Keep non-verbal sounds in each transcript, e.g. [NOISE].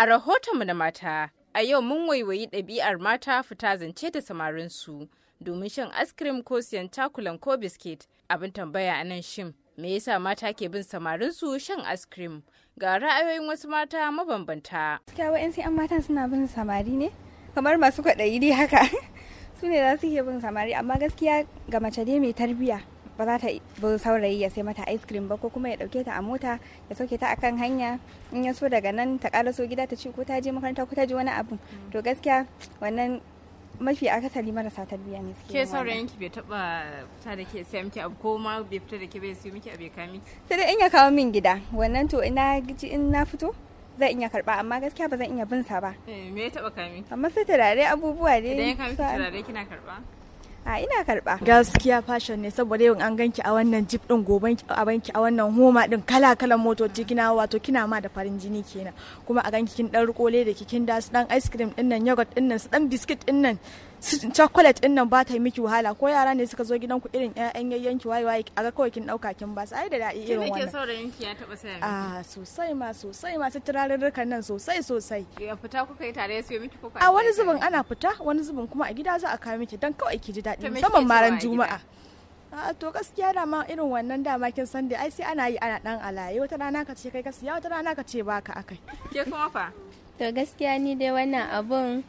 A rahotonmu na mata, a yau mun waiwayi ɗabi'ar mata fita zance da samarinsu domin shan askirim ko siyan cakulan ko biskit. Abin tambaya a nan shin, me yasa mata ke bin samarinsu shan askirim? Ga ra'ayoyin wasu mata mabambanta. Gaskiya 'yan sai an matan suna bin samari ne? Kamar masu kwaɗayi dai haka. [LAUGHS] Su ne za su iya bin samari, amma gaskiya ga mace dai mai tarbiyya. ba za ta bi saurayi ya sai mata ice cream ba ko kuma ya dauke ta a mota ya sauke ta akan hanya in ya so daga nan ta so gida ta ci ko ta je makaranta ko ta ji wani abu mm. to gaskiya wannan mafi akasari marasa tarbiyya ne suke ke saurayin ki bai taba fita da ke sai miki abu ko ma bai fita da ke bai sai miki abu ya kami sai dai in ya kawo min gida wannan to ina ji in na fito zan iya karba amma gaskiya ba zan iya bin sa ba eh, me ya taba kami amma sai tarare abubuwa ne idan ya kami tarare kina karba A ina karba. Gaskiya fashion ne saboda yau an ganki a wannan jeep din goben a banki a wannan homa din kala kalan motoci kina wato kina ma da farin jini kenan. Kuma a ganki kin dan rikole da kikin da dan ice cream din nan yogurt din nan su dan biscuit din nan chocolate din nan ba ta miki wahala ko yara ne suka zo gidan ku irin ƴaƴan yayyanki waye waye a ga kawai kin dauka kin ba su ai da dadi irin wannan. Kin saurayin ki ya taba sai Ah sosai ma sosai ma su turarurrukan nan sosai sosai. Ya fita kuka yi tare su miki kuka. A wani zubin ana fita wani zubin kuma a gida za a kawo miki dan kawai ki ji daɗi musamman maran juma'a. a ah, to gaskiya ma irin wannan dama kin san da ai sai ana yi ana dan alaye wata rana ka ce kai ka wata rana ka ce baka akai. Ke kuma fa? To gaskiya ni dai wannan abun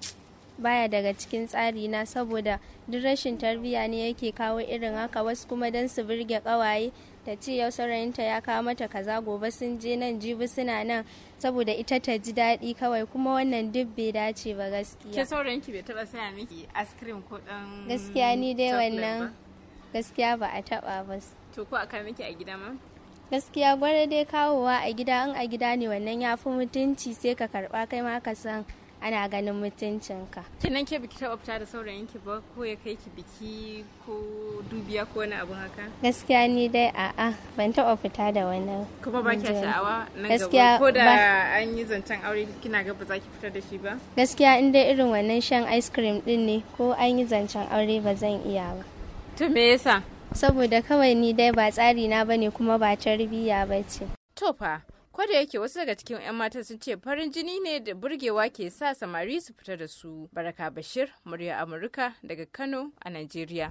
baya daga cikin tsari na saboda duk rashin tarbiyya ne yake kawo irin haka wasu kuma don su birge kawaye ta ce yau saurayinta ya kawo mata kaza gobe sun je nan jibi suna nan saboda ita ta ji daɗi kawai kuma wannan duk bai dace ba gaskiya ke ki bai saya miki ice cream ko gaskiya ni dai wannan gaskiya ba a taɓa ba to ko aka miki a gida ma gaskiya gwara dai kawowa a gida in a gida ne wannan ya fi mutunci sai ka karba kai ma ka san ana ganin mutuncinka kinan ke biki taba fita da saurayin ki ba ko ya kai ki biki ko dubiya ko wani abu haka gaskiya ni dai a'a ban taba fita da wani kuma ba ki sha'awa na gaba ko da an yi zancen aure kina ga ba za ki fita da shi ba gaskiya in dai irin wannan shan ice cream din ne ko an yi zancen aure ba zan iya ba to me yasa saboda kawai ni dai ba tsari na bane kuma ba tarbiyya bace to fa da yake wasu daga cikin 'yan mata sun ce farin jini ne da burgewa ke sa samari su fita da su. Baraka Bashir, murya Amurka daga Kano a nigeria.